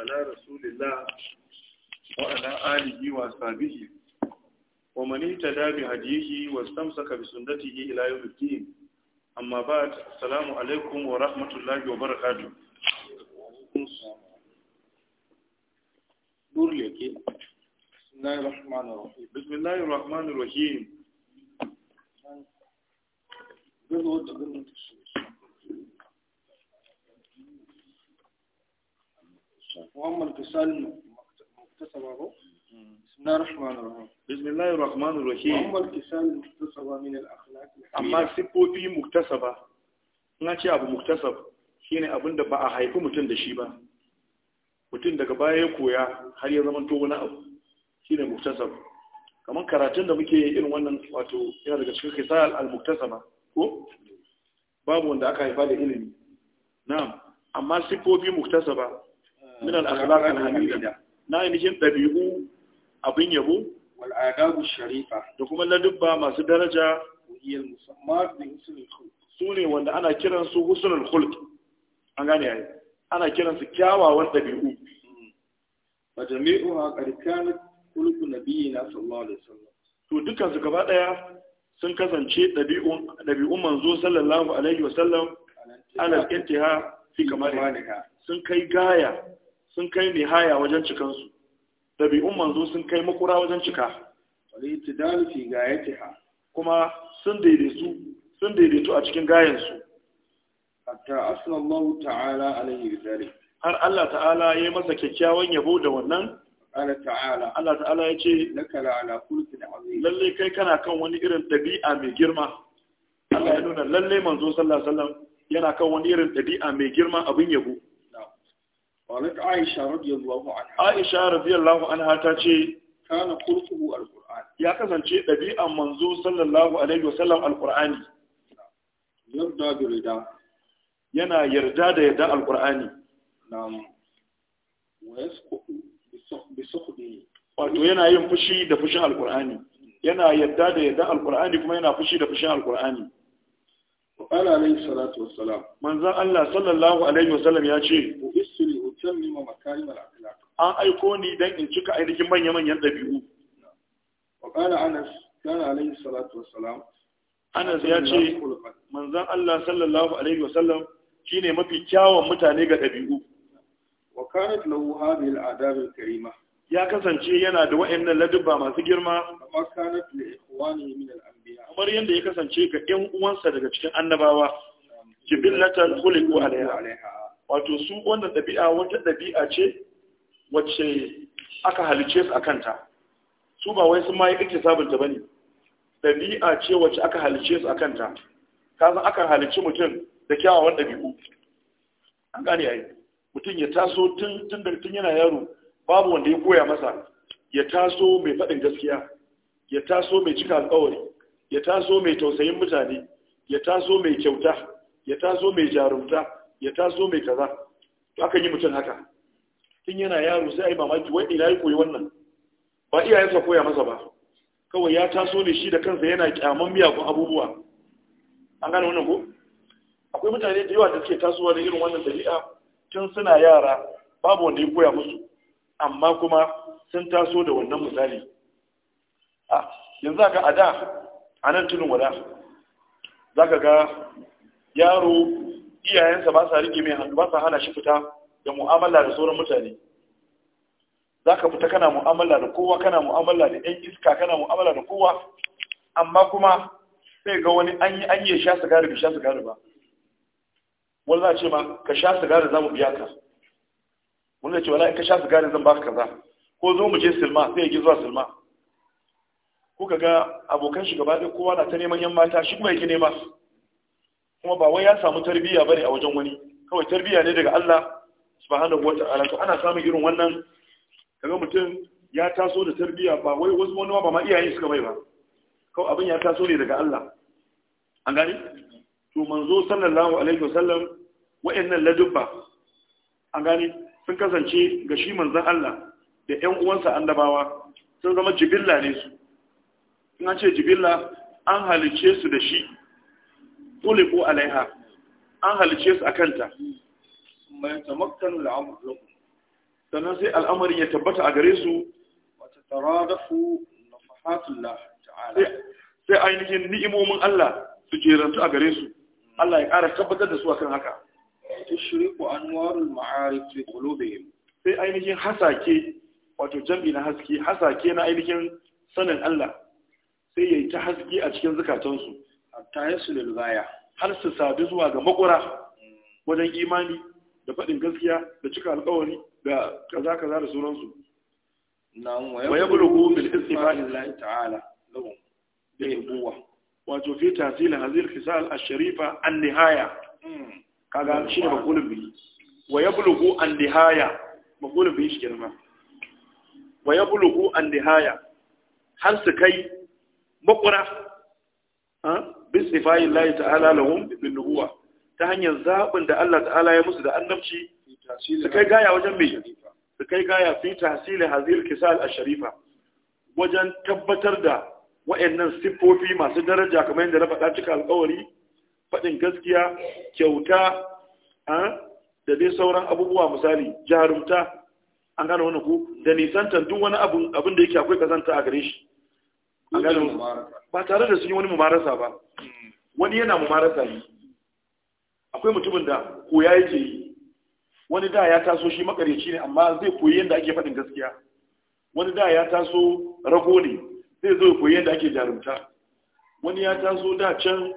ala rasulillah wa ala alihi wa ashabihi wa man ittaba bi hadihi wa istamsaka bi sunnatihi ila yawm al-din amma ba'd assalamu alaykum wa rahmatullahi wa barakatuh durleke bismillahir rahmanir rahim bismillahir rahmanir rahim وأما الكسال مكتسبة بسم الله الرحمن الرحيم بسم الله الرحمن الرحيم وأما الكسال مكتسبة من الأخلاق أما سبوبي مكتسبة نأتي أبو مكتسب shine abin da ba a haifi mutum da shi ba mutum daga baya ya koya har ya zama wani abu shine muktasab kamar karatun da muke irin wannan wato yana daga cikin kisal al-muktasaba ko babu wanda aka haifa da ilimi na'am amma sifofi muktasaba na ainihin dabi'u abin yabo da kuma Ladiba masu daraja sune wanda ana ana kyawawan to dukkan su gaba daya sun kasance dabi'un dabi'un manzo sallallahu alaihi wasallam ala intiha fi kamar sun kai gaya sun kai nihaya wajen cikansu ɗabi'un manzo sun kai makura wajen cika al-i'tidal fi gayatiha kuma sun daidaitu sun daidaitu a cikin gayansu hatta asna Allah ta'ala alayhi bidalik har Allah ta'ala ya yi masa kyakkyawan yabo da wannan Allah ta'ala Allah ta'ala ya ce laka ala khulqin azim lalle kai kana kan wani irin ɗabi'a mai girma Allah ya nuna lalle manzo sallallahu alaihi wasallam yana kan wani irin ɗabi'a mai girma abin yabo قالت عائشة رضي الله عنها عائشة رضي الله عنها تاتي كان خلقه القرآن يا كسان أبي صلى الله عليه وسلم yana yarda da yarda alkur'ani wato yana yin fushi da fushin alkur'ani yana yarda da yarda alkur'ani kuma yana fushi da fushin alkur'ani manzan Allah Sallallahu alaihi wasallam ya ce, An aiko ni don in cika ainihin manya-manyan ɗabi'u. Anas ya ce manzan Allah sallallahu alaihi wasallam ne mafi kyawun mutane ga ɗabi'u wa kanat karima ya kasance yana da wayannan ladubba masu girma wa kamar yadda ya kasance ga ɗin uwansa daga cikin annabawa jibillatan khuliqu alaiha wato su wannan ɗabi'a wata ɗabi'a ce wacce aka halice su a kanta. su ba wai sun ma yi sabunta ba ne. Ɗabi'a ce wacce aka halice su a kanta, ka aka halice mutum da kyawawan ɗabi'u. an gane yayi mutum ya taso tun tun da tun yana yaro babu wanda ya koya masa ya taso mai faɗin gaskiya ya taso mai cika alƙawari ya taso mai tausayin mutane ya taso mai kyauta ya taso mai jarumta ya taso mai kaza to akan yi mutum haka tun yana yaro sai a mamaki wai ina ya koyi wannan ba iyayensa koya masa ba kawai ya taso ne shi da kansa yana kyaman miyagun abubuwa an gane wannan ko akwai mutane da yawa da suke tasowa da irin wannan dabi'a tun suna yara babu wanda ya koya musu amma kuma sun taso da wannan misali a ah, yanzu haka a da a nan tunin wada za ka ga yaro iyayensa ba sa rike mai hannu ba sa hana shi fita da mu'amala da sauran mutane za ka fita kana mu'amala da kowa kana mu'amala da 'yan iska kana mu'amala da kowa amma kuma sai ga wani an yi an yi sha sigari bai sha sigari ba wani za ce ma ka sha sigari za mu biya ka wani zai ce wala in ka sha sigari zan baka kaza ko zo mu je silma sai ya ki zuwa silma kuka ga abokan shi gaba ɗaya kowa na ta neman yan mata shi kuma yake nema kuma ba wai ya samu tarbiyya bane a wajen wani kawai tarbiyya ne daga Allah subhanahu wata'ala to ana samun irin wannan kaga mutum ya taso da tarbiyya ba wai wasu wani ba ma iyaye suka bai ba kawai abin ya taso ne daga Allah an gani to manzo sallallahu alaihi wasallam wa'annan ladubba an gani sun kasance ga shi manzon Allah da ƴan uwansa annabawa sun zama jibilla ne su na ce jibilla an halice su da shi tuliku alaiha an halice su a kanta mai tamakkanu al'amuru sannan sai al'amarin ya tabbata a gare su wata taradafu nafahatullah ta'ala sai ainihin ni'imomin Allah su jerantu a gare su Allah ya ƙara tabbatar da su akan haka tushriqu anwarul ma'arif fi qulubihim sai ainihin hasake wato jam'i na haske hasake na ainihin sanin Allah sai ya yi ta haske a cikin zukatansu hatta ya su lulgaya har su sadu zuwa ga makura wajen imani da faɗin gaskiya da cika alkawari da kaza kaza da sauransu wa ya bulugu bil istifani lillahi ta'ala lahum da yabuwa wato fi tasil hazil khisal ash-sharifa an-nihaya hmm. kaga shi ne maqulun bi wa ya bulugu an-nihaya maqulun bi shi kenan wa ya bulugu an-nihaya har su kai makura bin sifayi layi ta'ala lahum bin nubuwa ta hanyar zaɓin da Allah ta'ala ya musu da annabci su kai gaya wajen mai su kai gaya fi tasiri hazir kisal a sharifa wajen tabbatar da wa'annan siffofi masu daraja kamar yadda na faɗa cika alƙawari faɗin gaskiya kyauta da dai sauran abubuwa misali jarumta an gane wani ku da nisantar duk wani abin da yake akwai kazanta a gare shi ba tare da sun yi wani mumarasa ba wani yana mumarasa ne akwai mutumin da koya yake yi wani da ya taso shi makareci ne amma zai koyi yadda ake faɗin gaskiya wani da ya taso rago ne zai zo koyi yadda ake jarumta wani ya taso da can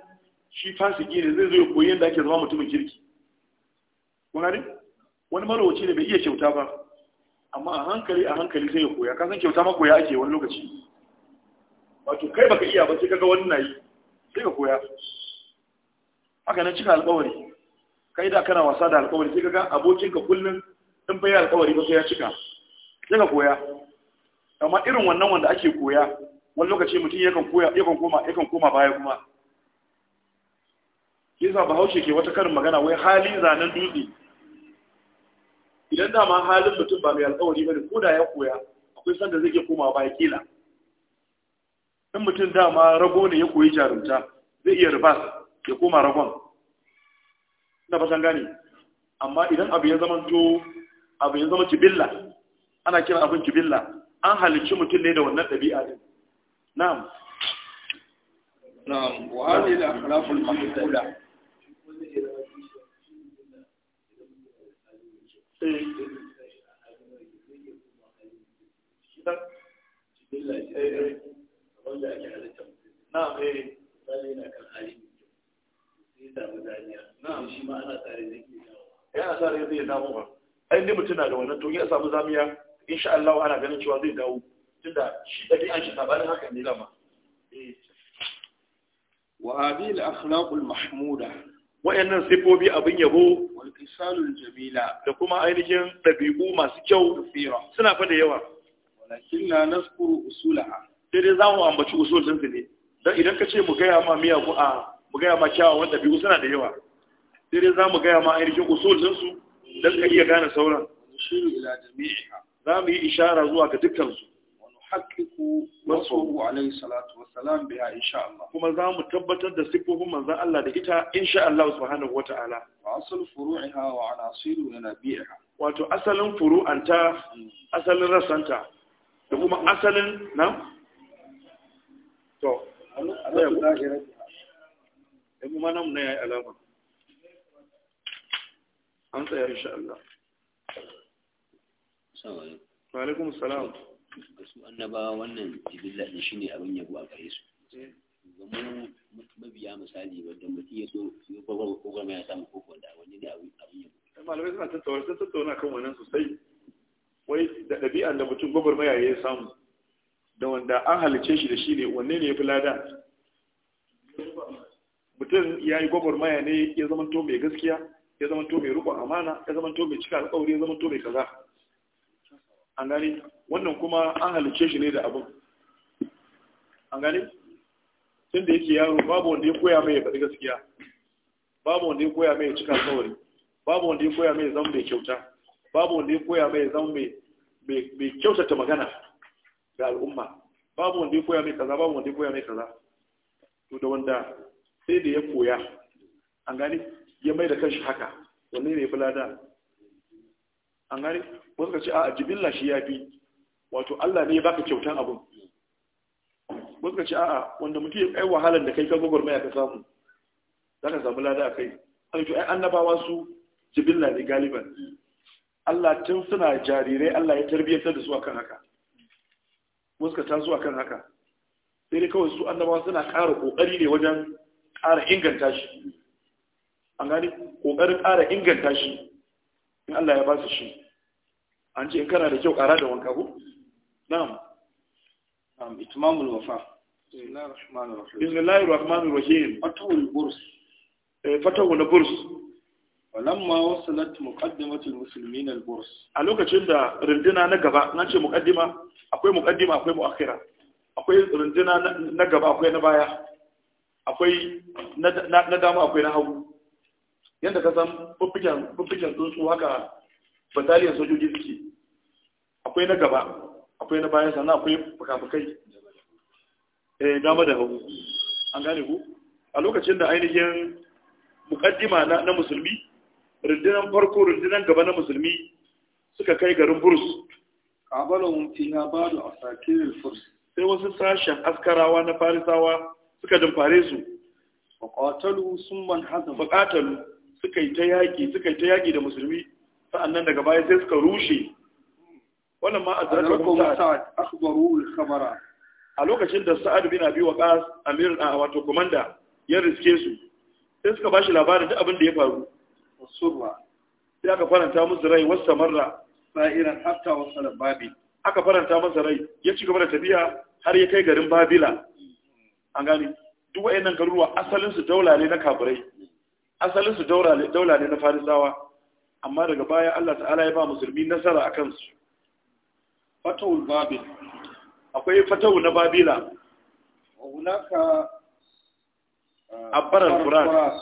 shi fasiki ne zai zo koyi yadda ake zama mutumin kirki wani wani marowaci ne bai iya kyauta ba amma a hankali a hankali sai ya koya kasan kyauta ma koya ake wani lokaci wato kai baka iya ba sai kaga wani na yi sai ka koya haka nan cika alƙawari kai da kana wasa da alƙawari sai kaga abokinka kullum in bai alƙawari ba sai ya cika sai ka koya amma irin wannan wanda ake koya wani lokaci mutum yakan koya yakan koma yakan koma baya kuma yasa bahaushe ke wata karin magana wai hali zanen dutse idan dama halin mutum ba mai alƙawari ne ko da ya koya akwai sanda zai iya koma baya kila in mutum dama rago ne ya koyi jarumta zai iya ribas ya koma ragon na fasan gani amma idan abu ya zama to abu ya zama kibilla ana kira abin kibilla an halicci mutum ne da wannan ɗabi'a din na'am na'am wa hadhihi da akhlaq al Thank you. Eh. wanda ake halitta na eh misali yana kan hali sai samu zaniya na shi ma ana tsare zai iya dawo yana eh, tsare zai iya dawo ba ai ne mutum na da wannan to ya samu zamiya insha Allah ana ganin cewa zai dawo tunda shi dabi'an shi sabanin haka ne lama eh. wa hadhihi al-akhlaq al-mahmuda wa'annan sifofi abin yabo wal qisalul jamila da kuma ainihin dabi'u masu kyau suna fa da yawa walakin na naskuru usulaha sai dai za mu ambaci usul ne don idan ka ce mu gaya ma miya ko a mu gaya ma kyawawan ɗabi'u suna da yawa sai dai za mu gaya ma ainihin usul su don ka iya gane sauran za mu yi ishara zuwa ga dukkansu haƙiƙu masu alaihi salatu salam biya insha Allah kuma za mu tabbatar da sifofin manzan Allah da ita insha Allah subhanahu wata'ala wa asal furu'iha wa anasiru na nabi'iha wato asalin furu'anta hmm. asalin rasanta da kuma asalin nan. to Allah ya zahira da mu manan ne yayi alama an tsaya insha Allah assalamu alaikum wa alaikum assalam su annabawa wannan jibilla din shine abin yabo a gare su domin mabiya misali wanda mutum ya so ya gwagwa gwagwa mai samun koko wanda wani ne abin yabo malamai suna tattauna sun tattauna kan wannan sosai wai da ɗabi'an da mutum gwagwarmaya ya samu da wanda an halice shi da shi ne wanne ne ya fi lada mutum ya yi gwagwarmaya ne ya zama to mai gaskiya ya zama to mai rukun amana ya zama to mai cika alkawari ya zama to mai kaza an gane wannan kuma an halice shi ne da abin an gane tun da yake yaro babu wanda ya koya mai ya faɗi gaskiya babu wanda ya koya mai ya cika alkawari babu wanda ya koya mai ya zama mai kyauta babu wanda ya koya mai ya zama mai kyautata magana ga al'umma babu wanda ya koya mai kaza babu wanda ya koya mai kaza to da wanda sai da ya koya an gani ya mai da kanshi haka wanne ne fi lada an gani wasu ka ce a jibilla shi ya fi wato Allah ne ya baka kyautan abun wasu ka ce a'a wanda mutum ya kai wahalar da kai ka mai ka samu za ka samu lada a kai to ai annabawa su jibilla ne galiban Allah tun suna jarirai Allah ya tarbiyyar da su akan haka wasu taso zuwa kan haka sai dai kawai su annabawa suna ƙara ƙoƙari ne wajen ƙara inganta shi an gani ƙoƙarin ƙara inganta shi in Allah ya ba su shi an ce in kana da kyau ƙara da wanka ko na'am na'am itmamul wafa bismillahir rahmanir rahim fatawul burs eh, fatawul burs walamma wasalat muqaddimatul muslimin al burs a lokacin da rindina na gaba na ce muqaddima akwai mukaddima akwai muakhira akwai runduna na gaba akwai na baya akwai na dama akwai na hagu yadda ka san fuffiken tsuntsu haka bataliyar sojoji suke akwai na gaba akwai na bayan sannan akwai fukafukai eh dama da hagu an gane ku a lokacin da ainihin mukaddima na musulmi rundunan farko rundunan gaba na musulmi suka kai garin burus qabalahum fiha ba'du asatir al-furs sai wasu sashen askarawa na farisawa suka damfare su fa qatalu summan hazam fa suka yi ta yaki suka yi ta yaki da musulmi sa'annan daga baya sai suka rushe wannan ma azrakum sa'ad akhbaru al-khabara a lokacin da sa'ad bin abi waqas amir a wato komanda ya riske su sai suka bashi labarin duk abin da ya faru surra sai aka faranta musu rai wasu samarra sa'iran hatta wasala babi aka faranta masa rai ya ci gaba da tafiya har ya kai garin babila an gani duk wayannan garuruwa asalin su daula na kafirai asalin su daula ne na farisawa amma daga baya Allah ta'ala ya ba musulmi nasara akan su fatawul babil akwai fatawu na babila hunaka ah, abbar al A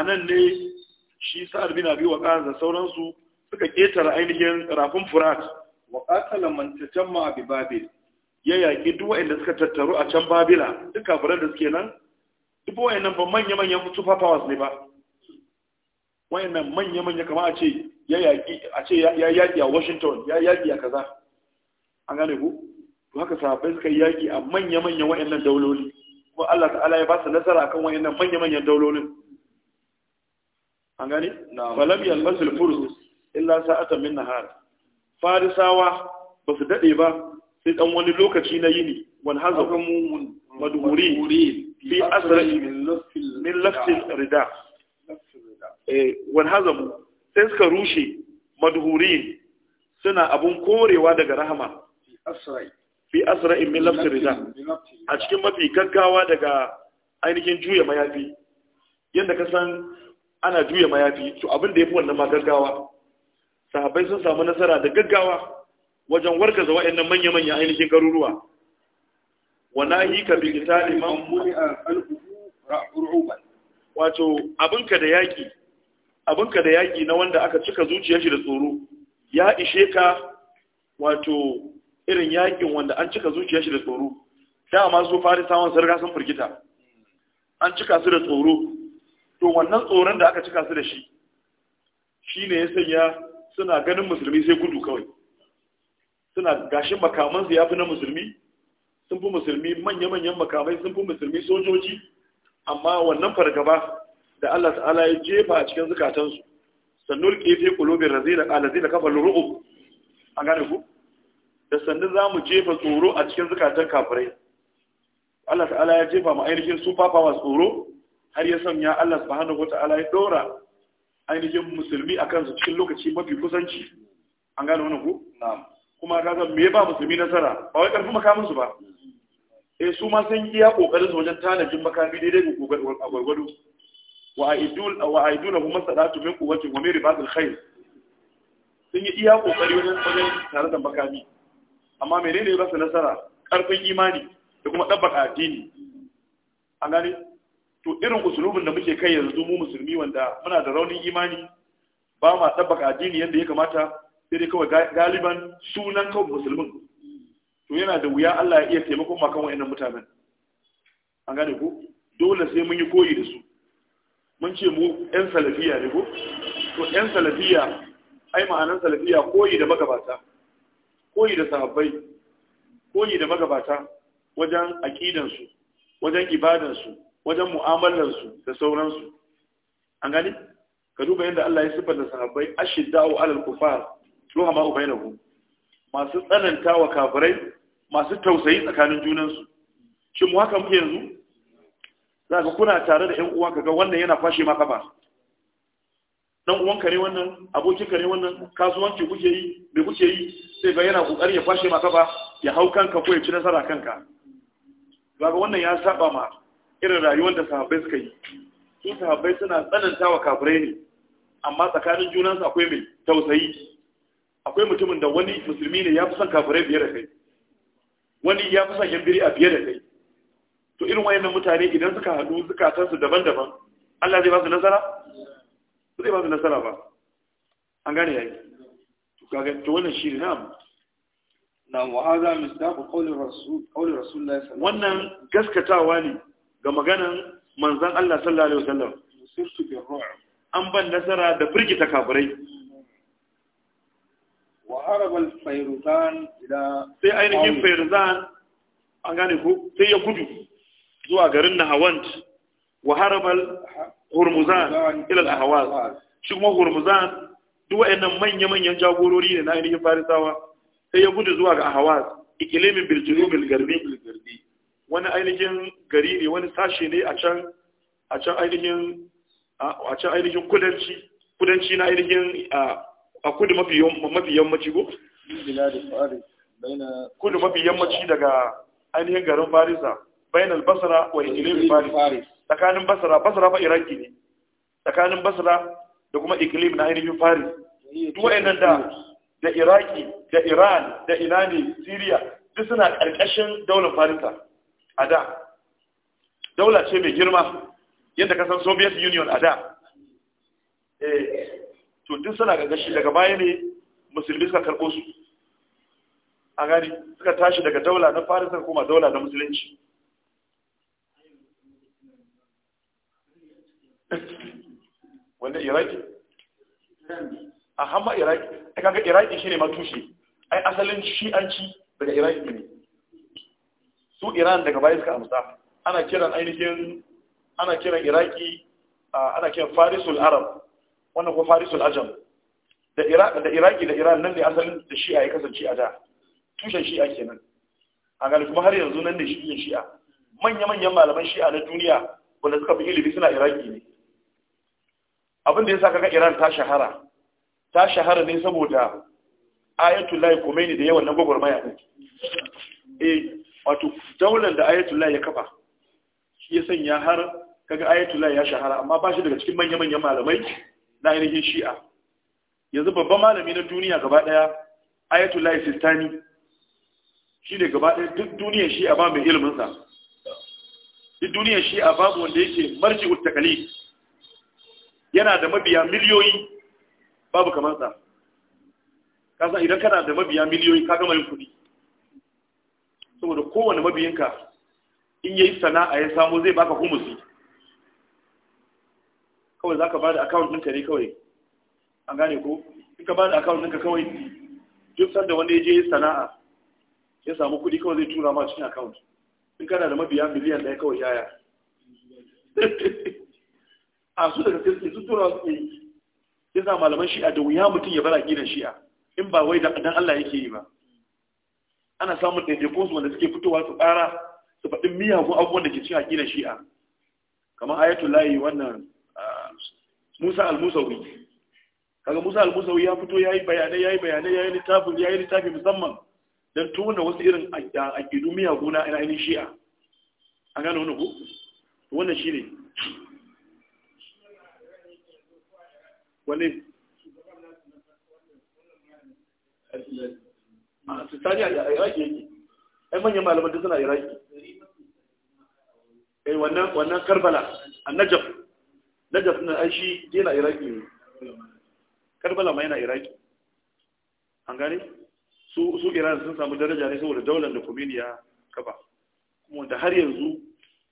anan ne shi sa'ad bin abi waqas da sauransu suka ketara ainihin rafin furat wa qatala man tajamma bi babil ya yaki duk wanda suka tattaru a can babila duk kafiran da suke nan duk wayannan ba manya manyan super powers ne ba wayannan manya manya kamar a ce ya yaki a ce ya yaki a Washington ya yaki a kaza an gane ku to haka sahabbai suka yaki a manya manyan wayannan dauloli kuma Allah ta'ala ya ba su nasara kan wayannan manya manyan daulolin an gane falam yalmasul furus illa sa'ata min nahar farisawa ba su dade ba sai dan wani lokaci na yini wan hazamu madhuri fi asra min lafsil rida eh wan hazamu sai suka rushe madhuri suna abun korewa daga rahama fi asra min lafsil rida a cikin mafi gaggawa daga ainihin juya mayafi yadda ka san ana juya mayafi to abin da ya fi wannan ma gaggawa sahabbai sun samu nasara da gaggawa wajen warka zawa wa'annan manya-manya ainihin garuruwa wana yi ka bi qitali muni a al-ru'uban wato abinka da yaƙi abinka da yaƙi na wanda aka cika zuciyar shi da tsoro ya ishe ka wato irin yaƙin wanda an cika zuciyar shi da tsoro dama su fari samun sarga sun firgita an cika su da tsoro to wannan tsoron da aka cika su da shi shi ne ya sanya suna ganin musulmi sai gudu kawai suna gashin makamansu ya fi na musulmi sun fi musulmi manya-manyan makamai sun fi musulmi sojoji amma wannan fargaba da Allah ta'ala ya jefa a cikin zukatansu sannul kefe kulobin razina alazi da kafa luru'u a gane ku da sannu za mu jefa tsoro a cikin zukatan kafirai Allah ta'ala ya jefa mu ainihin su fafawa tsoro har ya sanya Allah subhanahu wata'ala ya dora ainihin musulmi a kansu cikin lokaci mafi kusanci an gane wani ku? kuma ka san me ba musulmi nasara ba wai karfi makaminsu ba e su ma sun iya kokarin su wajen tanajin makami daidai ga a gwargwado wa aidul wa kuma hum masadatu min quwwati wa min ba khair sun yi iya kokari wajen wajen tare da makami amma menene ba su nasara karfin imani da kuma dabbaka addini an gane to irin usulubin da muke kai yanzu mu musulmi wanda muna da raunin imani ba ma tabbaka addini yadda ya kamata sai dai kawai galiban sunan kawai musulmin to yana da wuya Allah ya iya taimakon ma kan wa'annan mutanen an gane ko dole sai mun yi koyi da su mun ce mu yan salafiya ne ko to yan salafiya ai ma'anan salafiya koyi da magabata koyi da sahabbai koyi da magabata wajen aqidansu wajen ibadansu wajen mu'amalarsu da sauransu an gani ka duba yadda Allah ya da sahabbai ashidda'u alal kufar ruhama ubainahu masu tsananta wa kafirai masu tausayi tsakanin junansu Shin mu haka muke yanzu za kuna tare da 'yan uwa kaga wannan yana fashe maka ba dan uwanka ne wannan abokinka ne wannan kasuwanci kuke yi me kuke yi sai ga yana kokari ya fashe maka ba ya hau kanka ko ya ci nasara kanka zaka wannan ya saba ma irin rayuwar da sahabbai suka yi su sahabbai suna tsananta wa kafirai ne amma tsakanin junansu akwai mai tausayi akwai mutumin da wani musulmi ne ya fi son kafirai biyar da kai wani ya fi son yan biri a fiye da kai to irin wayannan mutane idan suka haɗu zukatansu daban-daban Allah zai ba su nasara zai ba su nasara ba an gane yayi to kaga to wannan shi ne na wa'aza misdaqu qawli rasul qawli rasulullahi sallallahu alaihi wasallam wannan gaskatawa ne ga maganan manzan Allah sallallahu alaihi wasallam an ban nasara da firgita kafirai wa al ila sai ainihin fayruzan an gane ku sai ya gudu zuwa garin Nahawand wa haraba al-hurmuzan ila al-ahwaz shi kuma hurmuzan duk wayannan manya-manyan jagorori ne na ainihin farisawa sai ya gudu zuwa ga ahwaz ikilimin bil garbi wani ainihin gari ne wani sashe ne a can a can ainihin a can ainihin kudanci kudanci na ainihin a kudu mafi yammaci ko kudu mafi yammaci daga ainihin garin farisa bayan albasara wa ikilin faris tsakanin basara basara fa iraki ne tsakanin basara da kuma ikilin na ainihin faris duk wa'annan da da iraki da iran da ina ne siriya duk suna ƙarƙashin daular farisa a da daula ce mai girma yadda kasan soviet union a da eh, to duk suna ga gashi daga baya ne musulmi suka karɓo su a gani suka tashi daga daula na faris suka koma daula na musulunci wanda iraki a hamma iraki ta kaga iraki shi ne matushe. ai asalin shi'anci daga iraki ne su iran daga baya suka amsa ana kiran ainihin ana kiran iraki ana kiran farisul arab wannan ko farisul ajam da iraki da iran nan ne asalin da shi'a ya kasance a da tushen shi'a kenan a gani kuma har yanzu nan ne shi'in shi'a manya-manyan malaman shi'a na duniya wanda suka fi ilimi suna iraki ne abin da ya kaga iran ta shahara ta shahara ne saboda ayatullahi khomeini da yawan na gwagwarmaya ne eh, wato daular da ayatullahi ya kafa shi ya sanya har kaga ayatullahi ya shahara amma ba shi daga cikin manya-manyan malamai na ainihin shi'a yanzu babban malami na duniya gaba daya ayatullahi sistani shi ne gaba daya duk duniyar shi'a ba mai iliminsa duk duniyar shi'a babu wanda yake marji uttakali yana da mabiya miliyoyi babu sa kasa idan kana da mabiya miliyoyi ka gama yin kuɗi saboda kowane mabiyinka in yayi sana'a ya samu zai baka humusi kawai zaka bada account ɗinka ne kawai an gane ko in ka bada account ɗinka kawai duk sanda wanda ya je sana'a ya samu kuɗi kawai zai tura ma cikin account in kana da mabiya miliyan ɗaya kawai yaya a su daga sai sun tura su ne ya sa malaman shi'a da wuya mutum ya bar gidan shi'a in ba wai dan Allah yake yi ba ana samun ɗaiɗaikun su wanda suke fitowa su ƙara su faɗi miyagun abubuwan da ke cin aƙidar shi'a kamar ayatul layi wannan musa al-musawi kaga musa al-musawi ya fito ya yi bayanai ya yi bayanai ya yayi littafin yi littafi musamman dan tona wasu irin aƙidu miyagu na ainihin shi'a an gane wani ku wannan shine wani a sani a iraki yake ai manyan malaman suna iraki eh wannan wannan karbala a najaf najaf na ai shi yana iraki ne karbala ma yana iraki an gane su su iran sun samu daraja ne saboda daular da kuminiya kaba. kuma da har yanzu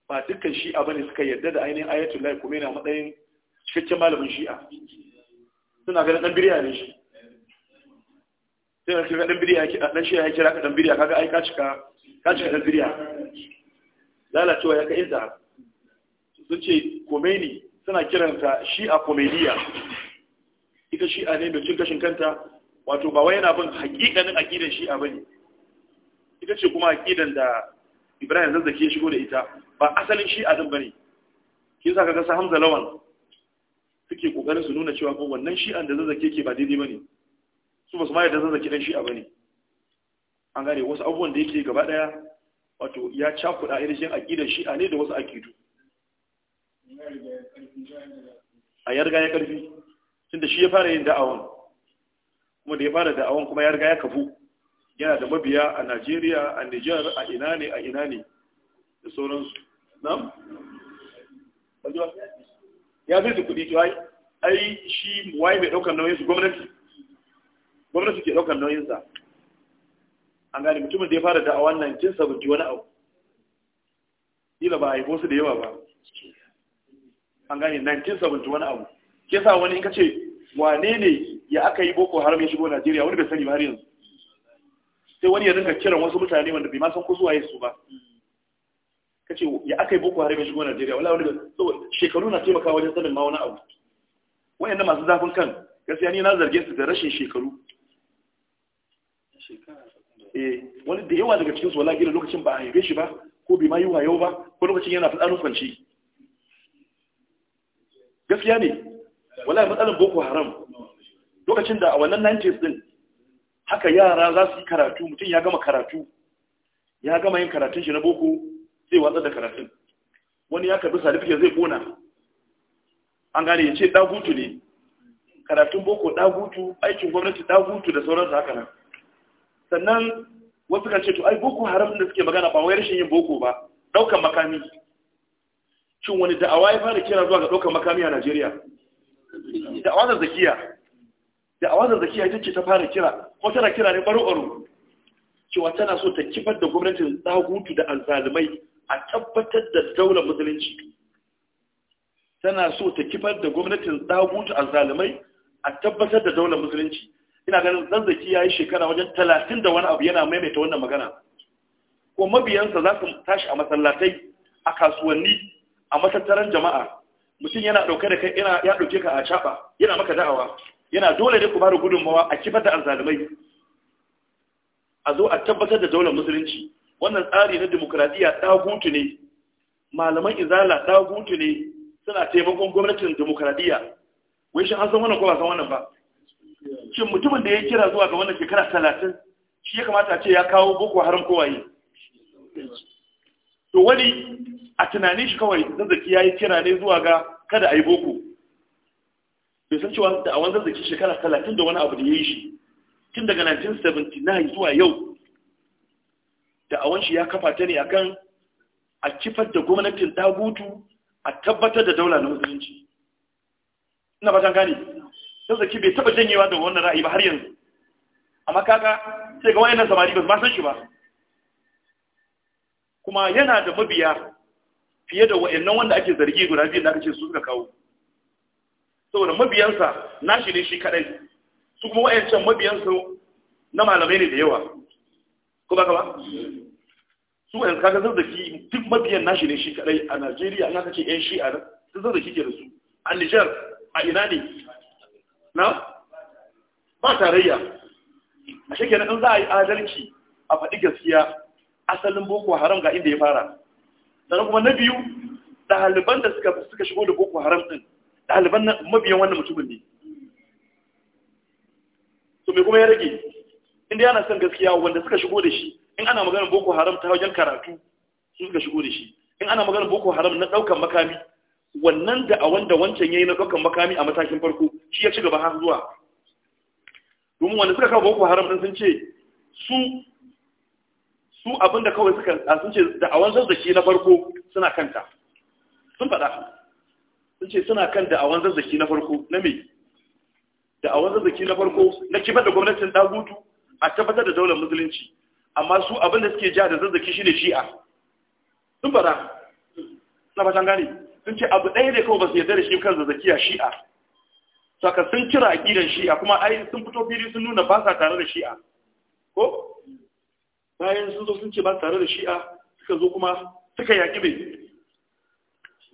ba dukkan shi'a bane suka yarda da ainihin ayatul lahi kumini a matsayin cikakken malamin shi'a suna ganin dan biriya ne shi sai na kira ɗan biriya dan shi ya kira ka dan biriya kaga ai ka cika ka cika ɗan biriya lalacewa ya ka inda sun ce komeni suna kiranta shi'a komediya ita shi'a ne da cin gashin kanta wato ba wai yana bin hakikanin aqidan shi'a bane ita ce kuma aqidan da Ibrahim Zazzaki ya shigo da ita ba asalin shi'a din bane kin sa kaga sa Hamza Lawan? suke kokarin su nuna cewa ko wannan shi'an da Zazzaki yake ba daidai bane su ba su ma yadda zazzaki dan shi'a bane an gane wasu abubuwan da yake gaba daya wato ya cakuɗa irishin aƙidar shi'a ne da wasu aƙidu a yar riga ya ƙarfi tun da shi ya fara yin da'awan kuma da ya fara da'awan kuma yar riga ya kafu yana da mabiya a najeriya a nijar a ina ne a ina ne da sauransu nam? ya zai su kuɗi ai shi waye mai ɗaukar nauyin su gwamnati gwamnati ke ɗaukar nauyinsa an gane mutumin da ya fara da'awa nan kin sabunci wani abu ila ba a yi da yawa ba an gane nan kin sabunci wani abu ke sa wani in ka ce wane ne ya aka yi boko haram ya shigo najeriya wani bai sani ba har yanzu sai wani ya dinga kiran wasu mutane wanda bai ma san ko zuwa su ba ka ce ya aka yi boko haram ya shigo najeriya wala wani shekaru na taimaka wajen sanin ma wani abu wayannan masu zafin kan gaskiya ni na zarge su da rashin shekaru Eh, wani da yawa daga cikin wala wallahi da lokacin ba a haife shi ba ko bai ma yi wayo ba ko lokacin yana fada nufanci gaskiya ne wallahi matsalar boko haram lokacin da a wannan 90s din haka yara za su yi karatu mutum ya gama karatu ya gama yin karatun shi na boko zai watsar da karatun wani ya karbi salifiyar zai kona an gane ya ce dagutu ne karatun boko dagutu aikin gwamnati dagutu da sauransu haka nan sannan wasu kan ce to ai boko haram da suke magana ba wai rashin yin boko ba ɗaukan makami shin wani da'awa ya fara kira zuwa ga ɗaukan makami a Najeriya da'awa da zakiya da'awa da zakiya ita ce ta fara kira ko tana kira ne baro baro cewa tana so ta kifar da gwamnatin tsagutu da alzalimai a tabbatar da daular musulunci tana so ta kifar da gwamnatin tsagutu alzalimai a tabbatar da daular musulunci ina ganin dan zaki yayi shekara wajen 30 da wani abu yana maimaita wannan magana ko mabiyansa za su tashi a masallatai a kasuwanni a matattaran jama'a mutum yana dauke da kai yana ya dauke ka a chaba yana maka da'awa yana dole ne ku bada gudunmawa a kifar da azalimai. a zo a tabbatar da daular musulunci wannan tsari na demokradiyya dagutu ne malaman izala dagutu ne suna taimakon gwamnatin demokradiya wai shi an san wannan ko ba san wannan ba shi mutumin da ya kira zuwa ga wannan shekara talatin shi ya kamata ce ya kawo boko haram kowaye to wani a tunanin shi kawai zazzaki ya yi kira ne zuwa ga kada a yi boko bai san cewa da awon zazzaki shekara talatin da wani abu da ya yi shi tun daga 1979 zuwa yau da awon shi ya kafa ta ne akan a kifar da gwamnatin dagutu a tabbatar da daula na musulunci ina fatan gane sai zaki bai taba janyewa daga wannan ra'ayi ba har yanzu amma kaga sai ga wayannan samari ba ma san shi ba kuma yana da mabiya fiye da wayannan wanda ake zargi guda biyu da aka ce su suka kawo saboda mabiyansa nashi ne shi kadai su kuma wayancan mabiyansu na malamai ne da yawa ko ba ka ba su yanzu kaga zazzaki duk mabiyan nashi ne shi kadai a Najeriya an aka ce yan shi'a zazzaki ke da su a Niger a ina ne na ba tarayya a shekenan in za a yi adalci a faɗi gaskiya asalin boko haram ga inda ya fara sannan kuma na biyu ɗaliban da suka suka shigo da boko haram ɗin ɗaliban na mabiyan wannan mutumin ne to me kuma ya rage inda yana son gaskiya wanda suka shigo da shi in ana maganar boko haram ta wajen karatu sun suka shigo da shi in ana maganar boko haram na ɗaukar makami wannan da a wanda wancan ya yi na ɗaukar makami a matakin farko shi ya ci gaba har zuwa domin wanda suka kawo boko haram din sun ce su su abinda kawai suka sun ce da awan zazzaki na farko suna kanta sun faɗa sun ce suna kan da awan zazzaki na farko na me da awan zazzaki na farko na kifar da gwamnatin dagutu a tabbatar da daular musulunci amma su abinda suke ja da zazzaki shine shi'a sun faɗa na fatan gane sun ce abu ɗaya ne kawai ba su yarda da shi kan zazzakiya shi'a saka sun kira aƙidar shi'a kuma ai sun fito fili sun nuna ba sa tare da shi'a ko bayan sun zo sun ce ba tare da shi'a suka zo kuma suka yaƙi bai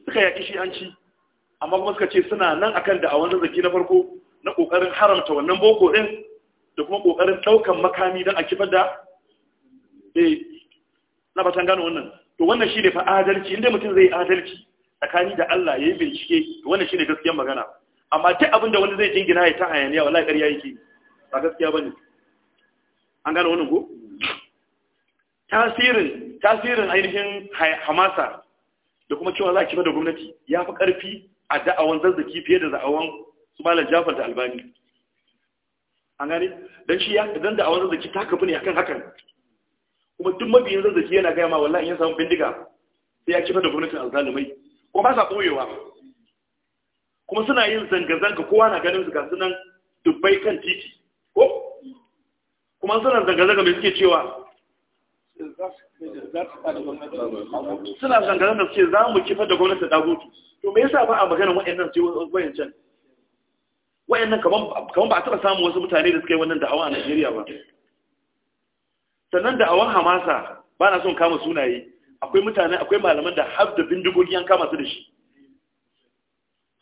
suka yaƙi shi'anci amma kuma suka ce suna nan akan da a wannan zaki na farko na ƙoƙarin haramta wannan boko ɗin da kuma ƙoƙarin ɗaukan makami don a kifar da eh na ba gano wannan to wannan shi ne fa adalci inda mutum zai adalci tsakani da Allah ya yi bincike wannan shi ne gaskiyar magana amma duk abin da wani zai jingina ya ta hayaniya ya ƙarya yake ba gaskiya bane an gane wannan ko tasirin tasirin ainihin hamasa da kuma cewa za a kifa da gwamnati ya fi ƙarfi a da'awan zazzaki fiye da da'awan su malam jafar da albani an gane don shi ya dan da'awan zazzaki ta kafi ne akan hakan kuma duk mabiyin zazzaki yana gaya ma wallahi in ya samu bindiga sai ya kifa da gwamnatin alzalumai Ko ba sa ɓoyewa kuma suna yin zanga-zanga kowa na ganin zuga sunan dubbai kan titi ko kuma suna zanga-zanga mai suke cewa suna zanga-zanga suke za mu kifar da gwamnati da gutu to me yasa ba a magana wa'annan sai can? wayannan kaman ba a taɓa samun wasu mutane da suka yi wannan da'awa a Najeriya ba sannan da'awan Hamasa ba na son kama sunaye akwai mutane akwai malaman da har da bindigogi an kama su da shi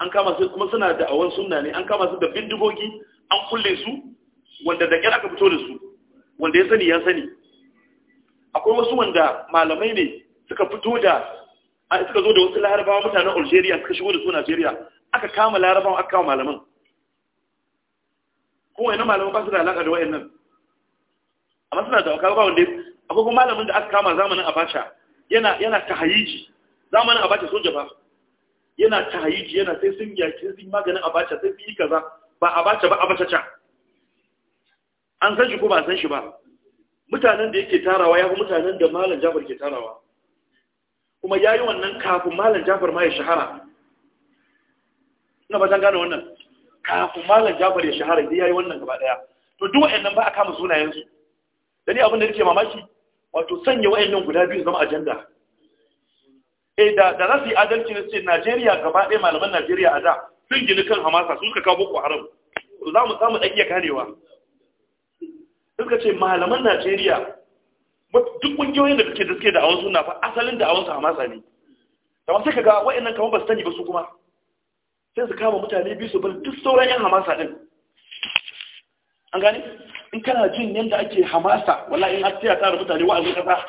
an kama su kuma suna da awon sunna ne an kama su da bindigogi an kulle su wanda da kyar aka fito da su wanda ya sani ya sani akwai wasu wanda malamai ne suka fito da suka zo da wasu larabawa mutanen algeria suka shigo da su nigeria aka kama larabawa aka kama malaman kuma wani malaman ba su da alaƙa da wayannan amma suna da wakawa ba wanda akwai kuma malamin da aka kama zamanin abacha yana yana tahayiji zamanin abacha soja ba yana ta hayiji yana sai sun yaki sun maganin abacha sai fi kaza ba abacha ba abacha can an san shi ko ba san shi ba mutanen da yake tarawa ya fi mutanen da malam jafar ke tarawa kuma ya yi wannan kafin malam jafar ma ya shahara ina ba gane wannan kafin malam jafar ya shahara idan ya yi wannan gaba daya to duk wayannan ba a kama sunayensu da ni abin da nake mamaki wato sanya wayannan guda biyu zama ajanda E, da da za su yi adalci na ce Najeriya gaba ɗaya malaman Najeriya a da sun gini kan Hamasa sun ka kawo Boko Haram to za mu samu ɗan iya ganewa suka ce malaman Najeriya duk ƙungiyoyin da kake da suke da awon suna fa asalin da awon su Hamasa ne amma sai kaga wa'annan kamar ba su sani ba su kuma sai su kama mutane biyu su bar duk sauran yan Hamasa din an gane in kana jin yadda ake Hamasa wallahi in har sai a tsara mutane wa'azin kasa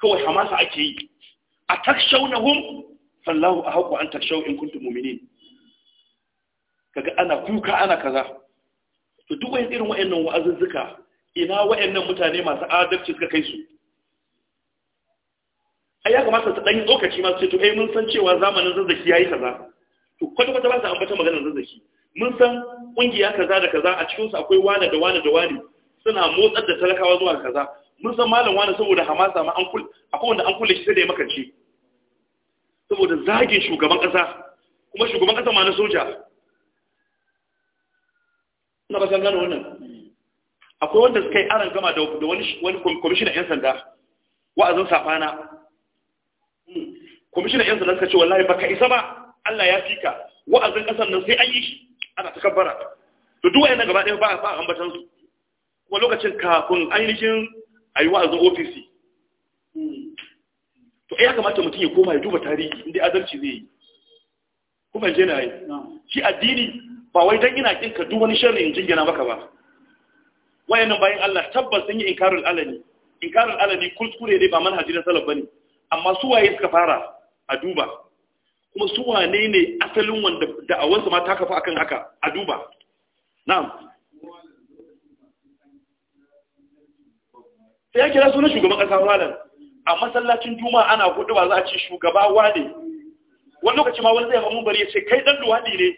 kawai Hamasa ake yi a takshawnahum fallahu ahqqu an takshaw in kuntum mu'minin kaga ana kuka ana kaza to duk wani irin wayannan wa'azuzzuka ina wayannan mutane masu adalci suka kai su ai ya kamata su dan lokaci ma su ce to eh mun san cewa zamanin zazzaki yayi kaza to kwata kwata ba su ambata maganar zazzaki mun san kungiya kaza da kaza a cikin su akwai wani da wani da wani suna motsar da talakawa zuwa kaza mun san malam wani saboda hamasa ma an kulle akwai wanda an kulle shi sai da ya makance saboda zagin shugaban kasa kuma shugaban kasa ma na soja na ba san gano wannan akwai wanda suka yi aran gama da wani kwamishina yan sanda wa'azin safana hmm. kwamishina yan sanda suka ce wallahi baka isa ba Allah ya fika wa'azin kasan nan sai an yi shi ana kabbara to duk wayannan gaba ɗaya ba a ambatan su kuma lokacin kafin ainihin a yi wa'azin ofisi to ya kamata mutum ya koma ya duba tarihi inda adalci zai yi kuma je na yi shi addini ba wai don ina kinka duk wani sharri in jingina maka ba wayannan bayan Allah tabbas sun yi inkarul alani inkarul alani kuskure ne ba manhaji na salaf bane amma su waye suka fara a duba kuma su wane ne asalin wanda da'awansu ma ta kafa akan haka a duba na'am sai ya kira sunan shugaban ƙasa malam a masallacin juma'a ana hudu ba za a ce shugaba wane wani lokaci ma wani zai hamu bari ya ce kai dan duwadi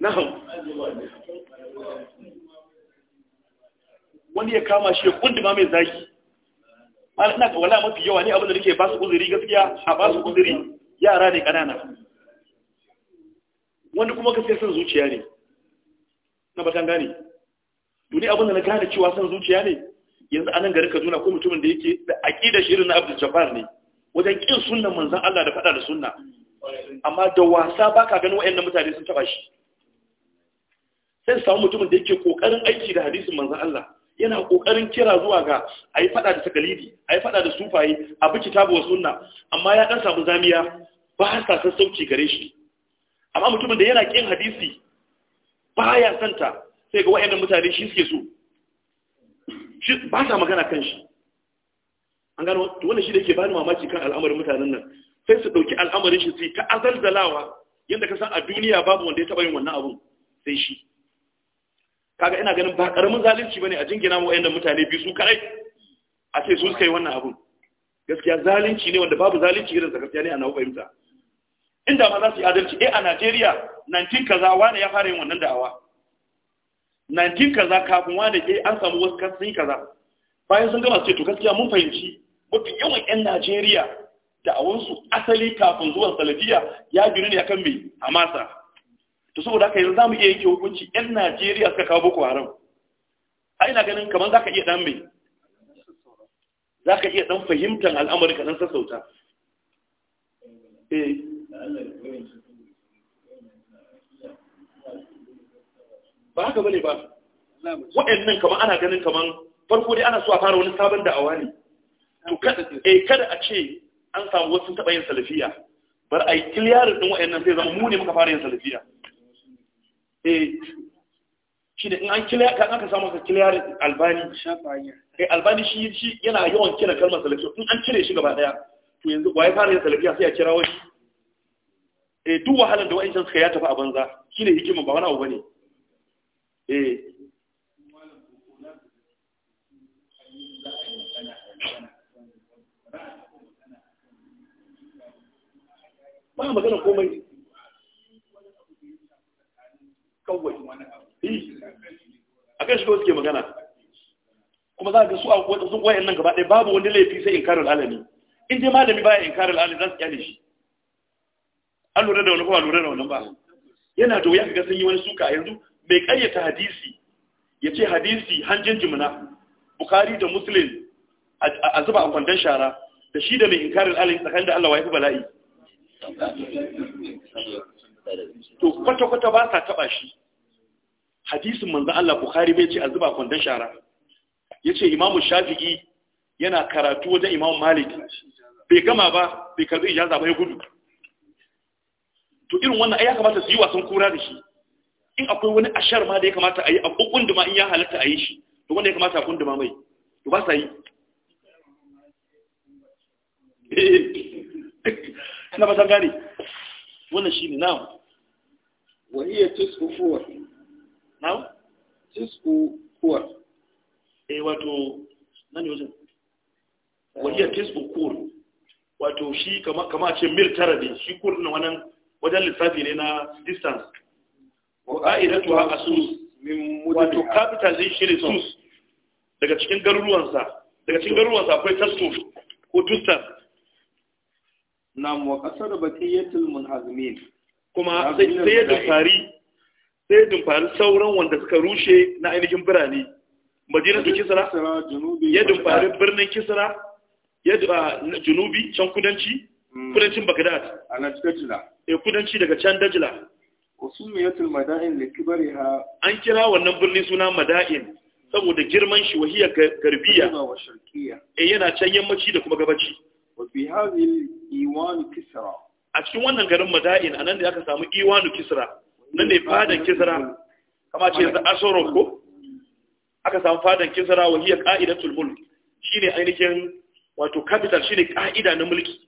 ne hau. wani ya kama shi ya ma mai zaki malam ina ga wala mafi yawa ne abin da nake ba su uzuri gaskiya a ba su uzuri yara ne kanana wani kuma ka sai son zuciya ne na ba gane duni abin da na gane cewa son zuciya ne yanzu anan garin Kaduna ko mutumin da yake da aqida shi irin na Abdul Jabbar ne wajen kin sunnan manzon Allah da fada da sunna amma da wasa baka ganin wayannan mutane sun taba shi sai sa mutumin da yake kokarin aiki da hadisin manzon Allah yana kokarin kira zuwa ga ayi fada da takalidi ayi fada da sufaye a bi kitabu wa sunna amma ya dan samu zamiya ba sa sauki gare shi amma mutumin da yana kin hadisi baya santa sai ga wayannan mutane shi suke so ba sa magana kan shi an gano to wannan shi da ke bani mamaki kan al'amarin mutanen nan sai su ɗauki al'amarin shi sai ta azalzalawa yanda ka san a duniya babu wanda ya taba yin wannan abun sai shi kaga ina ganin ba karamin zalunci bane a jingina mu wayannan mutane biyu su kai a ce su suka yi wannan abun gaskiya zalunci ne wanda babu zalunci irin sa gaskiya ne a nawa fahimta inda ma za su yi adalci eh a Najeriya 19 kaza wani ya fara yin wannan da'awa 19 kaza kafin wani ke an samu wasu kan yi kaza bayan sun gama su ce to gaskiya mun fahimci mafi yawan 'yan najeriya da a wasu asali kafin zuwan salafiya ya gini ne akan mai hamasa to saboda haka yanzu za mu iya yanke hukunci 'yan najeriya suka kawo boko haram a ina ganin kamar za ka iya dan mai za iya dan fahimtar al'amarin ka dan sassauta eh haka bane ba waɗannan kamar ana ganin kamar farko dai ana so a fara wani sabon da'awa ne to eh, kada a ce an samu wasu taɓa yin salafiya bar a yi kiliyarin ɗin waɗannan sai zama mu ne muka fara yin salafiya eh shi in an kiliya kan aka samu kiliyarin albani eh albani shi shi yana yawan kira kalmar salafiya in an cire shi gaba daya to yanzu waye fara yin salafiya sai a kira wani eh duk wahalar da wa'annan suka ya tafi a banza shine hikima ba wani abu bane eh ba magana komai kawai eh. a kan shiga suke magana kuma za ka su a sun wayan nan gaba ɗaya babu wani laifi sai in karar alami in dai malami ya in karar alami za su kyale shi an lura da wani kuma lura da wani ba yana da wuya ka ga sun yi wani suka yanzu bai kayyata hadisi ya ce hadisi hanjin jimina bukari da muslim a zuba a kwandon shara da shi da mai inkarin alin tsakanin da Allah wa fi bala'i to kwata-kwata ba sa taba shi hadisin manzan Allah bukari bai ce a zuba a kwandon shara ya ce imamu shafi'i yana karatu wajen imamu malik bai gama ba bai karbi ijaza ba ya gudu to irin wannan ai ya kamata su yi wasan kura da shi in akwai wani ashar ma da ya kamata a yi a ma in ya halatta a yi shi to wanda ya kamata a kunduma mai to ba sa yi na ba san gane wannan shi ne na wahiyar tisku kuwa na tisku kuwa eh wato nan wajen wahiyar tisku kuwa wato shi kama ce mil tara ne shi kuwa wannan wajen lissafi ne na distance wa a asus min wato capital shi ne resus daga cikin garuruwansa daga cikin garuruwansa akwai tasu ko tustar nam wa qasar baqiyatul munhazimin kuma sai ya dumfari sai ya dumfari sauran wanda suka rushe na ainihin birane madinar da kisra ya dumfari birnin kisra ya ah, junubi can kudanci hmm. kudancin bagdad a eh, kudanci daga can dajila usumiyatul المدائن لكبرها ان an wannan birni suna mada'in saboda girman shi wahiya garbiya wa eh yana can yammaci da kuma gabaci wa fi iwan kisra a cikin wannan garin mada'in anan da aka samu iwanu kisra nan ne fadan kisra kama ce yanzu asoro ko aka samu fadan kisra wahiya qa'idatul mulk shine ainihin wato capital shine qa'ida na mulki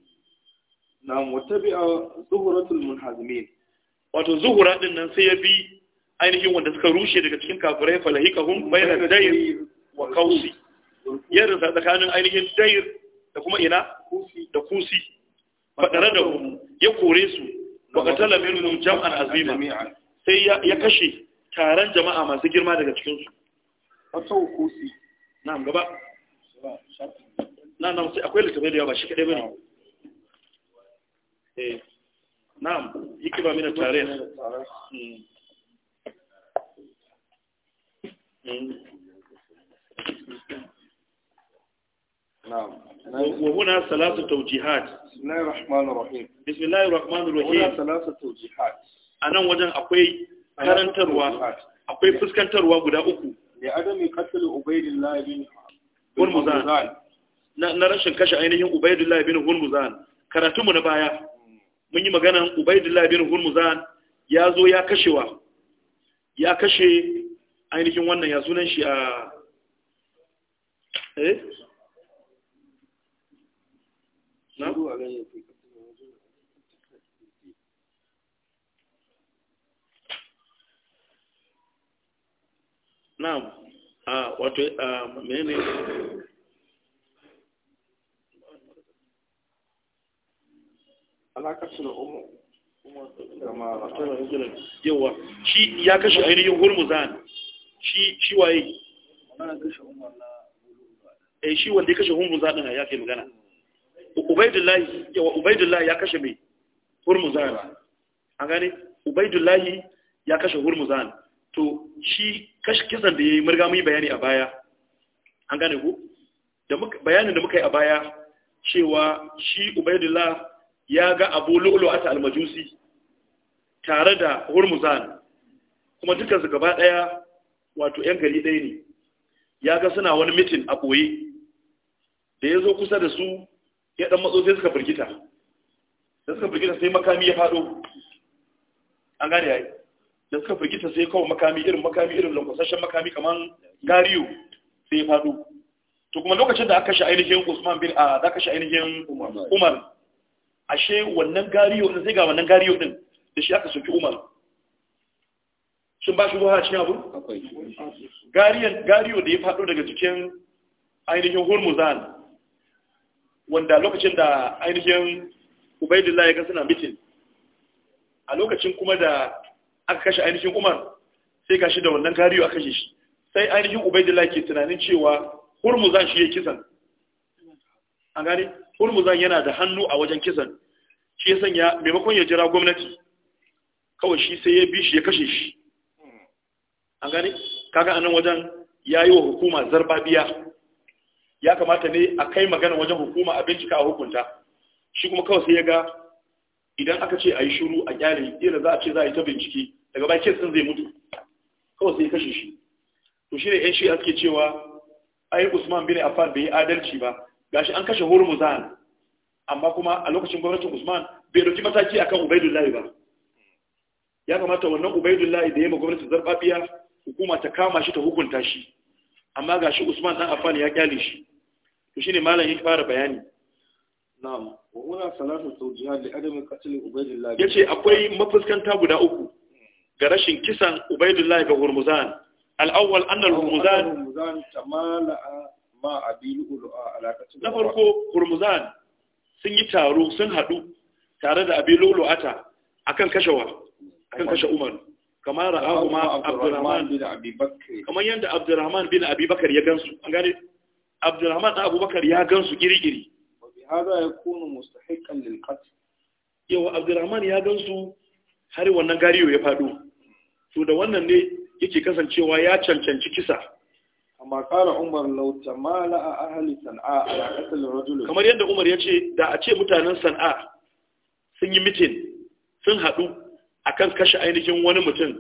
na mutabi'a zuhuratul munhazimin wato zuhura din nan sai ya bi ainihin wanda suka rushe daga cikin kafirai falahikahum bayna dayr wa kausi ya rinsa tsakanin ainihin dayr da kuma ina da kusi fadara da hum ya kore su wa qatala minhum jam'an azima sai ya kashe taron jama'a masu girma daga cikin su wato kusi na'am gaba na'am sai akwai littafai da yawa ba shi kadai bane eh Naam, hikima mimi na tarehe. Naam. Huna salatu tawjihat. Bismillahirrahmanirrahim. Bismillahirrahmanirrahim. Huna salatu tawjihat. wajen akwai fuskantarwa guda uku. Ya adami qatl Ubaydillah bin Hurmuzan. Na rashin kashe ainihin Ubaidu bin Hurmuzan. Karatu na baya. mun yi maganan ubaidullah bin hulmuzan ya zo ya kashewa ya kashe ainihin wannan ya sunan shi a ah, eh? na na'am a ah, wato a ah, menene alakacin umu yawa shi ya kashe ainihin hurmuzan shi shi waye eh shi wanda ya kashe hurmuzan din ya kai magana ubaidullahi yawa ubaidullahi ya kashe mai hurmuzan an gane ubaidullahi ya kashe hurmuzan to shi kashe kisan da ya yi murga mai bayani a baya an gane ku bayanin da muka yi a baya cewa shi ubaidullah ya ga abu lu'lu'ata a Almajusi tare da hurmuzan kuma dukkan su gaba daya wato yan gari ɗaya ne ya ga suna wani mitin a ɓoye da ya zo kusa da su ya ɗan matso sai suka firgita da suka firgita sai makami ya faɗo an gane ya yi da suka firgita sai kawo makami irin makami irin lankwasashen makami kamar gariyo sai ya faɗo to kuma lokacin da aka kashe ainihin usman bin a da aka kashe ainihin umar ashe wannan gariyo din sai ga wannan gariyo din da shi aka soki umar Sun ba shi ruwa cikin abu gariyan gariyo da ya fado daga cikin ainihin hormuzan wanda lokacin da ainihin ubaidillah ya ga suna mitin a lokacin kuma da aka kashe ainihin umar sai gashi da wannan gariyo aka kashe shi sai ainihin ubaidillah ke tunanin cewa hurmuzan shi ya kisan an gane hurmuzan yana da hannu a wajen kisan shi ya sanya maimakon ya jira gwamnati kawai shi sai ya bi shi ya kashe shi an gani kaga anan wajen ya yi wa hukuma zarbabiya ya kamata ne a kai magana wajen hukuma a bincika a hukunta shi kuma kawai sai ya ga idan aka ce a yi shuru a gyare yadda za a ce za a yi ta bincike daga baki sun zai mutu kawai sai ya kashe shi to shi ne yan shi suke cewa ai usman bin affan bai yi adalci ba gashi an kashe hurmuzan amma kuma a lokacin gwamnatin Usman bai dauki mataki akan Ubaidullahi ba ya kamata wannan Ubaidullahi da ya ma gwamnatin zarfafiya hukuma ta kama shi ta hukunta shi amma gashi Usman dan Affan ya kyale shi to shine malam ya fara bayani na'am wa huna salatu tawjihat li adami qatl Ubaidullahi yace akwai mafuskanta guda uku ga rashin kisan UbaidulLahi ga Hurmuzan al-awwal anna al-Hurmuzan tamala ma abilu ala qatl na farko Hurmuzan sun yi taro sun haɗu tare da abin lulu'ata ata kashewa akan kashe umar kamar ra'ahu ma abdurrahman bin kamar yadda abdurrahman bin Abubakar ya gansu an gane abdurrahman da abubakar ya gansu girgiri wa yawa abdurrahman ya gansu har wannan gariyo ya fado to da wannan ne yake kasancewa ya cancanci kisa amma kala umar lauta mala a ahali sana'a a kasar rajul kamar yadda umar ya ce da a ce mutanen sana'a sun yi mitin sun haɗu a kan kashe ainihin wani mutum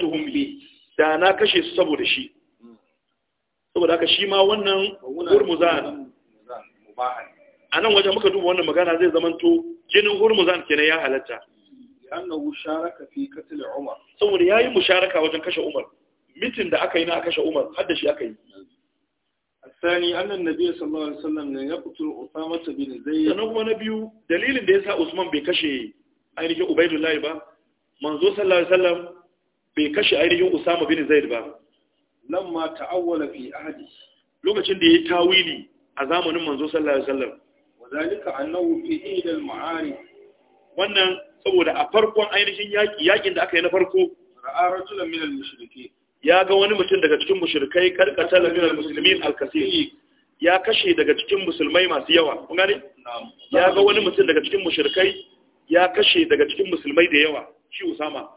tuhun bi da na kashe su saboda shi saboda haka shi ma wannan hurmuzan a nan wajen muka duba wannan magana zai zamanto jinin hurmuzan kenan ya halatta annahu sharaka fi qatl umar saboda yayi musharaka wajen kashe umar mitin da aka yi na aka kashe Umar har da shi aka yi الثاني أن النبي صلى الله عليه وسلم يقتل أسامة بن زيد sannan kuma na biyu dalilin da yasa Usman bai kashe ainihin Ubaidullahi ba manzo sallallahu alaihi wasallam bai kashe ainihin Usama bin Zaid ba lamma ta'awwala fi ahdi lokacin da yayi tawili a zamanin manzo sallallahu alaihi wasallam wazalika annahu fi ida al-ma'arif wannan saboda a farkon ainihin yaki yakin da aka yi na farko ra'a rajulan min al-mushrikeen ya ga wani mutum daga cikin mushrikai karkata minar musulmin alkasiri ya kashe daga cikin musulmai masu yawa kun ya ga wani mutum daga cikin mushrikai ya kashe daga cikin musulmai da yawa shi usama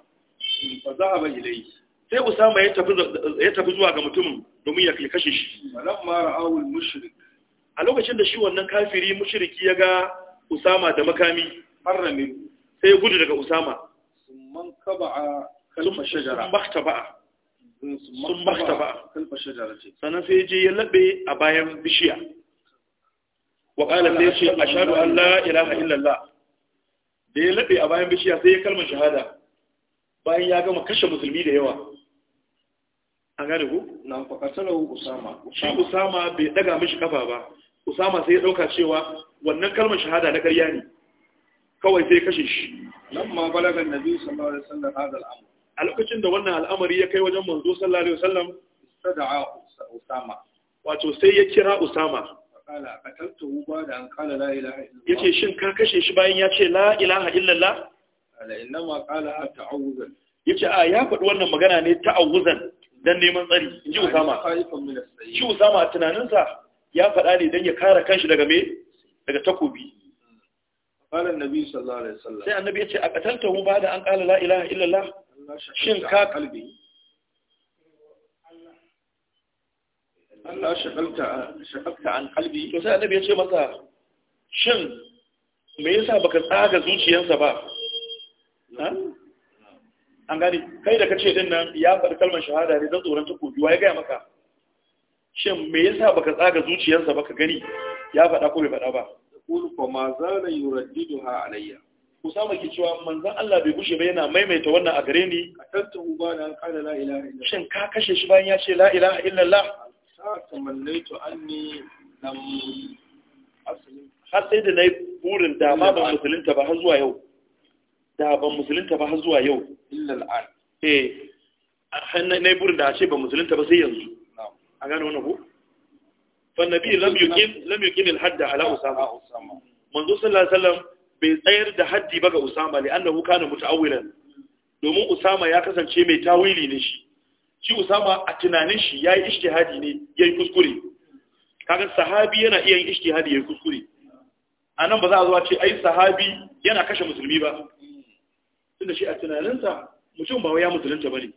fa zahaba ilayhi sai usama ya tafi ya tafi zuwa ga mutumin domin ya kashe shi mushrik a lokacin da shi wannan kafiri mushriki ya ga usama da makami sai ya gudu daga usama sun man kalma shajara ba'a sun makta ba sannan sai je ya labe a bayan bishiya wa kala da ce a shaɗu Allah ilaha illallah da ya labe a bayan bishiya sai ya kalmar shahada bayan ya gama kashe musulmi da yawa an gane ku? na faƙasarar usama shi usama bai ɗaga mishi kafa ba usama sai ya ɗauka cewa wannan kalmar shahada na ƙarya ne kawai sai kashe shi nan ma na biyu sallallahu alaihi wasallam hadal amr a lokacin da wannan al'amari ya kai wajen manzo sallallahu alaihi wasallam usama wato sai ya kira usama kala qataltu ba da an kala la ilaha illallah yace shin ka kashe shi bayan ya ce la ilaha illallah ala innama qala ta'awuzan yace a ya faɗi wannan magana ne ta'awuzan dan neman tsari inji usama shi usama tunaninsa ya faɗa ne dan ya kare kanshi daga me daga takobi قال النبي صلى الله عليه وسلم سي النبي يقول أقتلته بعد shin ka kalbi Allah shakalta an kalbi to sai annabi ya ce masa shin me yasa baka tsaga zuciyarsa ba an gani kai da kace din nan ya faɗi kalmar shahada ne don tsoron takobi ya gaya maka shin me yasa baka tsaga zuciyarsa baka gani ya faɗa ko bai faɗa ba qul fa ma zala yuraddiduha alayya Usama ke cewa manzan Allah bai gushe ba yana maimaita wannan a gare ni katantu ba da kana kada la'ila shin ka kashe shi bayan ya ce laila illallah anni har sai da nayi burin da ma ban musulunta ba har zuwa yau da ban musulunta ba har zuwa yau illa eh har nayi burin da a ce ban musulunta ba sai yanzu a gane wannan ko fa nabi lam yuqim lam yuqim al-hadda ala usama manzo sallallahu alaihi wasallam bai tsayar da haddi ba ga Usama Allah annahu kana muta'awwilan domin Usama ya kasance mai tawili ne shi shi Usama a tunanin shi yayi ijtihadi ne yayi kuskure kaga sahabi yana iya yin ijtihadi yayi kuskure anan ba za a zo a ce ai sahabi yana kashe musulmi ba tunda shi a tunaninsa mutum ba wai ya musulunta bane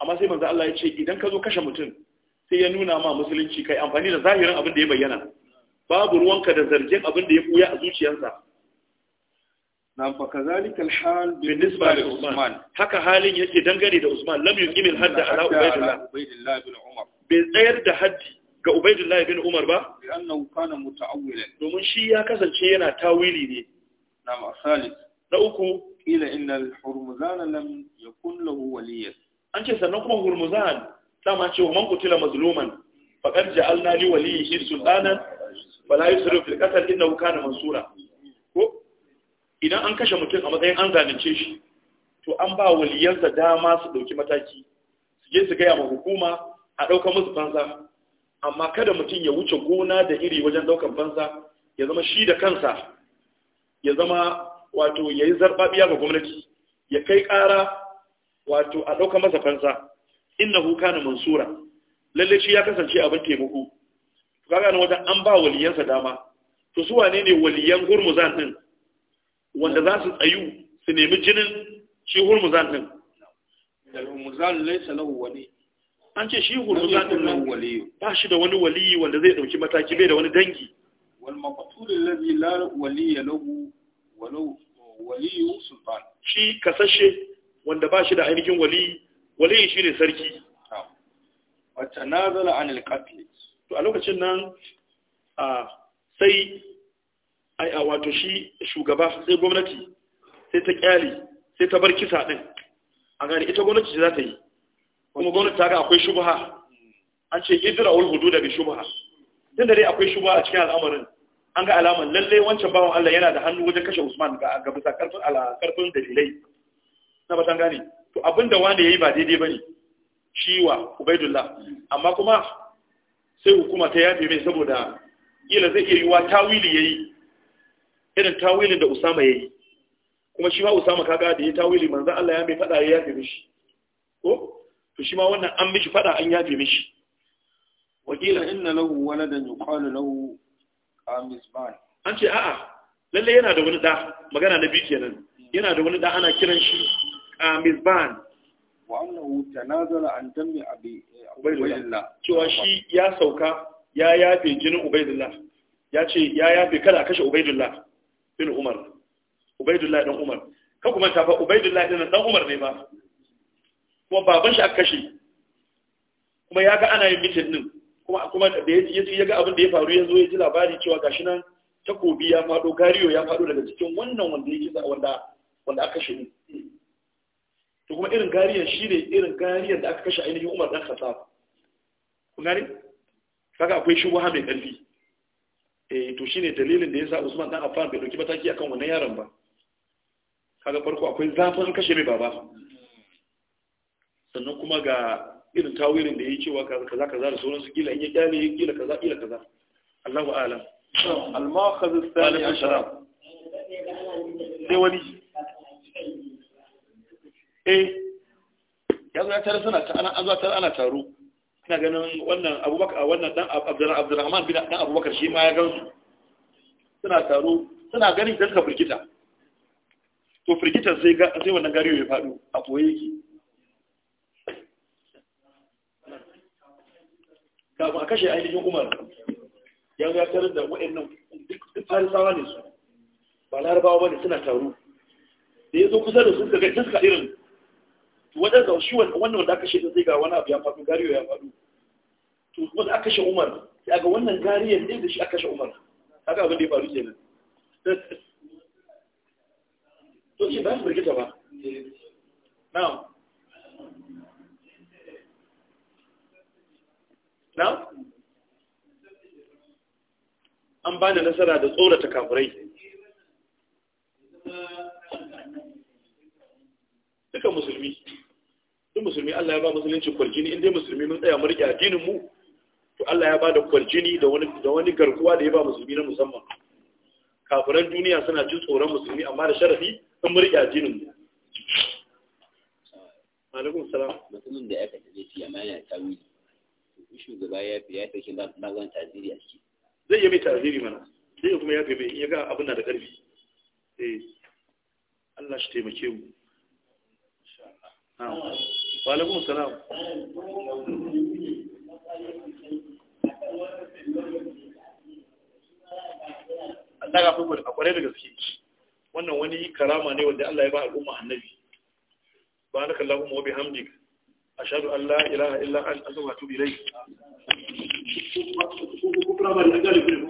amma sai manzo Allah ya ce idan ka zo kashe mutum sai ya nuna ma musulunci kai amfani da zahirin abin da ya bayyana babu ruwanka da zargin abin da ya buya a zuciyarsa nan fa kazalika alhal بالنسبه لعثمان haka halin yake dangane da Usman lam yuqimil hadda ala Ubaydillah bin Umar tsayar da haddi ga Ubaydillah bin Umar ba annahu kana muta'awwilan domin shi ya kasance yana tawili ne na masalis na uku ila inna al-hurmuzan lam yakun lahu waliyan an ce sannan kuma hurmuzan Sama ce wa man kutila mazluman faqad ja'alna li waliyhi sultanan fala yusrif fil qatl innahu kana mansura idan an kashe mutum a matsayin an zanince shi to an ba waliyansa dama su ɗauki mataki su je su gaya ma hukuma a ɗaukar musu fansa amma kada mutum ya wuce gona da iri wajen ɗaukar fansa ya zama shi da kansa ya zama wato ya yi zarɓaɓiya ga gwamnati ya kai ƙara wato a ɗaukar masa fansa inna huka na mansura lalle shi ya kasance abin taimako kaga na wajen an ba waliyansa dama to su wane ne waliyan gurmuzan din? wanda za su tsayu su nemi jinin shi hurmuzan din hurmuzan laysa lahu wali an ce shi hurmuzan din nan wali ba shi da wani wali wanda zai dauki mataki bai da wani dangi wal maqtul alladhi la wali lahu walau wali sultan shi kasashe wanda ba shi da ainihin wali wali shi ne sarki wata nazala an alqatl to a lokacin nan sai ai a wato shi shugaba sai gwamnati sai ta kyale sai ta bar kisa din a gani ita gwamnati ce za ta yi kuma gwamnati ta ga akwai shubha an ce idra ul hududa bi shubha tunda dai akwai shubha a cikin al'amarin an ga alaman lalle wancan bawan Allah yana da hannu wajen kashe Usman ga ga bisa karfin ala karfin dalilai na ba san gane to abinda wanda yayi ba daidai bane shiwa Ubaidullah amma kuma sai hukuma ta yafe mai saboda kila zai iya yiwa tawili yayi irin tawilin da usama yayi kuma shi ma usama kaga da yayi tawili manzo Allah ya mai fada ya yafe mishi ko to shi ma wannan an mishi fada an yafe mishi wakila inna lahu waladan yuqalu lahu qamisban an ce a'a lalle yana da wani da magana na biyu kenan yana da wani da ana kiran shi qamisban wa annahu tanazala an dami abi ubaydullah cewa shi ya sauka ya yafe jinin ubaydullah ya ce ya yafe kada kashe ubaydullah bin Umar Ubaidullah dan Umar kan kuma ta fa Ubaidullah din dan Umar ne ba kuma baban shi aka kashe kuma ya ga ana yin mitin din kuma kuma da ya ga abin da ya faru yanzu, ya ji labari cewa gashi nan takobi ya fado gariyo ya fado daga cikin wannan wanda ya da wanda wanda aka kashe to kuma irin gariyan shi ne irin gariyan da aka kashe ainihin Umar dan Khattab kun gane kaga akwai shubuha mai karfi eh to shine dalilin da yasa Usman dan Affan bai dauki mataki akan wannan yaron ba kaga farko akwai zafin an kashe mai baba sannan kuma ga irin tawirin da yake cewa kaza kaza da sauran su kila in ya kyale kila kaza kila kaza Allahu a'lam al makhadh ath-thani ashara sai wani eh yanzu ya tare suna ta ana taro ina ganin wannan abubakar wannan dan abdurrahman bin dan abubakar shi ma ya gansu suna taro suna ganin da suka firgita to firgitar sai sai wannan gariyo ya faɗo a koye yake kafin a kashe ainihin umar ya ga tarar da wa'annan duk farisawa ne su ba larabawa ba ne suna taro da ya zo kusa da su ga iska irin wadda ga shi wannan wanda aka shi zai ga wani abu ya faɗo gariyo ya faɗo to da aka shi umar sai ga wannan gariyan ne da shi aka shi umar haka abin da ya faru kenan to shi ba su birgita ba na'am na'am an ba da nasara da tsorata kafirai duka musulmi sun musulmi Allah ya ba musulunci kwarjini in dai musulmi mun tsaya mun rike addinin mu to Allah ya ba da kwarjini da wani da wani garkuwa da ya ba musulmi na musamman kafiran duniya suna jin tsoron musulmi amma da sharafi sun mun rike addinin mu alaikum salam mutumin da ya aka tafi shi amma yana tawili shugaba ya fi ya fi zan taziri a ciki zai yi mai taziri mana zai kuma ya fi mai ya ga abin na da ƙarfi. eh Allah shi taimake mu insha Allah wa alaikum salam Allah ga fuku a kware da gaske wannan wani karama ne wanda Allah ya ba al'umma annabi barakallahu wa bihamdik ashhadu an la ilaha illa anta astaghfiruka wa atubu ilayk